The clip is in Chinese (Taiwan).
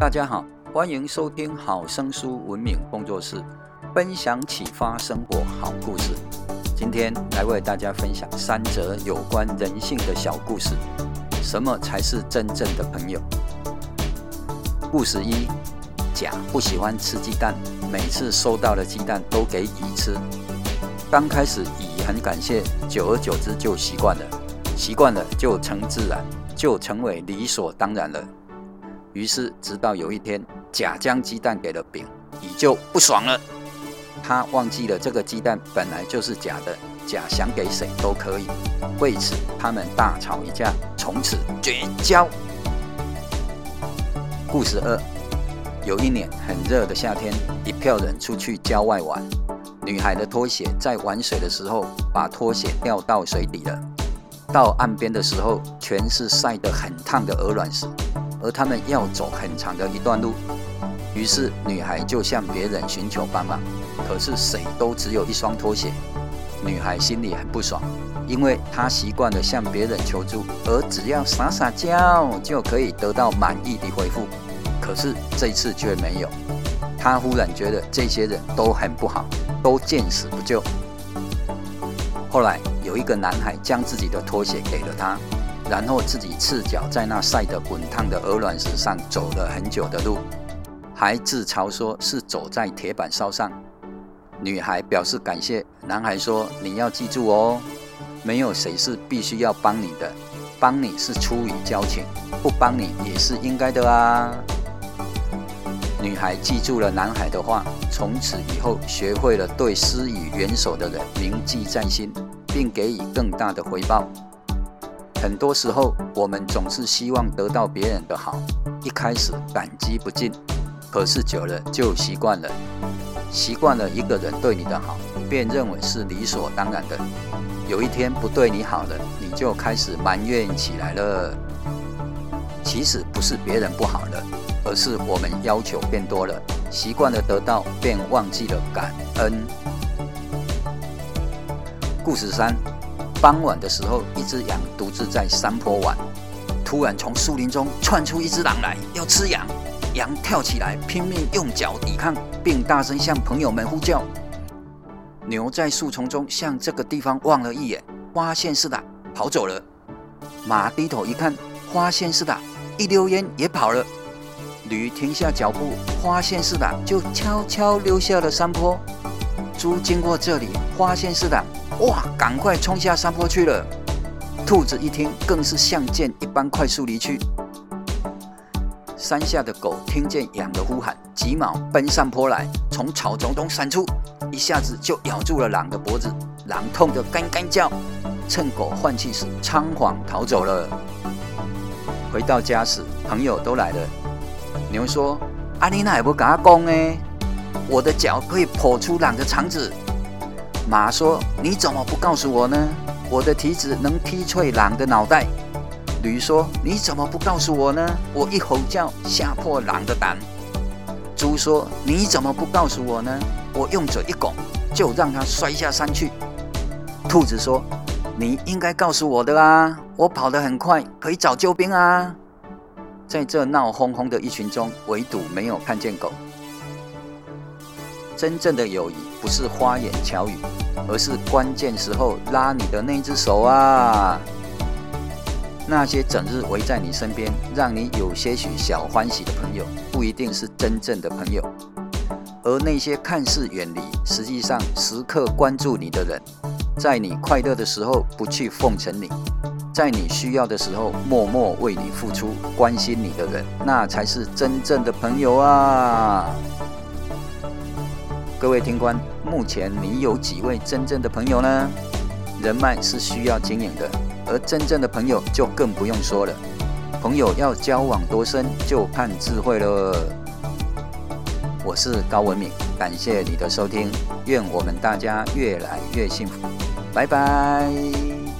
大家好，歡迎收聽好生書文明工作室，分享啟發生活好故事。今天來為大家分享三則有關人性的小故事。什麼才是真正的朋友？故事一：甲不喜歡吃雞蛋，每次收到的雞蛋都給乙吃。剛開始乙很感謝，久而久之就習慣了，習慣了就成自然，就成為理所當然了。於是，直到有一天，甲將雞蛋給了丙，乙就不爽了。他忘記了這個雞蛋本來就是甲的，甲想給誰都可以。為此，他們大吵一架，從此絕交。故事二：有一年很熱的夏天，一票人出去郊外玩。女孩的拖鞋在玩水的時候把拖鞋掉到水底了。到岸邊的時候，全是曬得很燙的鵝卵石。而他們要走很長的一段路，於是女孩就向別人尋求幫忙。可是誰都只有一雙拖鞋，女孩心裡很不爽，因為她習慣了向別人求助，而只要撒撒嬌就可以得到滿意的回復。可是這次卻沒有，她忽然覺得這些人都很不好，都見死不救。後來有一個男孩將自己的拖鞋給了她。然後自己赤腳在那曬得滾燙的鵝卵石上走了很久的路，還自嘲說是走在鐵板燒上。女孩表示感謝，男孩說：“你要記住哦，沒有誰是必須要幫你的，幫你是出於交情，不幫你也是應該的啊。”女孩記住了男孩的話，從此以後學會了對施以援手的人銘記在心，並給予更大的回報。很多時候，我們總是希望得到別人的好，一開始感激不盡，可是久了就習慣了，習慣了一個人對你的好，便認為是理所當然的。有一天不對你好了，你就開始埋怨起來了。其實不是別人不好了，而是我們要求變多了，習慣了得到，便忘記了感恩。故事三。傍晚的時候，一隻羊獨自在山坡玩，突然從樹林中竄出一隻狼來，要吃羊。羊跳起來，拼命用腳抵抗，並大聲向朋友們呼叫。牛在樹叢中向這個地方望了一眼，發現似的跑走了。馬低頭一看，發現似的，一溜煙也跑了。驢停下腳步，發現似的，就悄悄溜下了山坡。豬經過這裡，發現是狼，哇！趕快衝下山坡去了。兔子一聽，更是像箭一般快速離去。山下的狗聽見羊的呼喊，急忙奔上坡來，從草叢中閃出，一下子就咬住了狼的脖子。狼痛得乾乾叫，趁狗換氣時倉皇逃走了。回到家時，朋友都來了。牛說：“阿、啊、你那也不敢講呢我的腳可以剖出狼的腸子。馬說：“你怎麼不告訴我呢？”我的蹄子能踢碎狼的腦袋。驢說：“你怎麼不告訴我呢？”我一吼叫，嚇破狼的膽。豬說：“你怎麼不告訴我呢？”我用嘴一拱，就讓它摔下山去。兔子說：“你應該告訴我的啦、啊！我跑得很快，可以找救兵啊！”在這鬧哄哄的一群中，唯獨沒有看見狗。真正的友誼不是花言巧語，而是關鍵時候拉你的那隻手啊！那些整日圍在你身邊，讓你有些許小歡喜的朋友，不一定是真正的朋友。而那些看似遠離，實際上時刻關注你的人，在你快樂的時候不去奉承你，在你需要的時候默默為你付出、關心你的人，那才是真正的朋友啊！各位聽官，目前你有幾位真正的朋友呢？人脈是需要經營的，而真正的朋友就更不用說了。朋友要交往多深，就看智慧了。我是高文敏，感謝你的收聽，願我們大家越來越幸福，拜拜。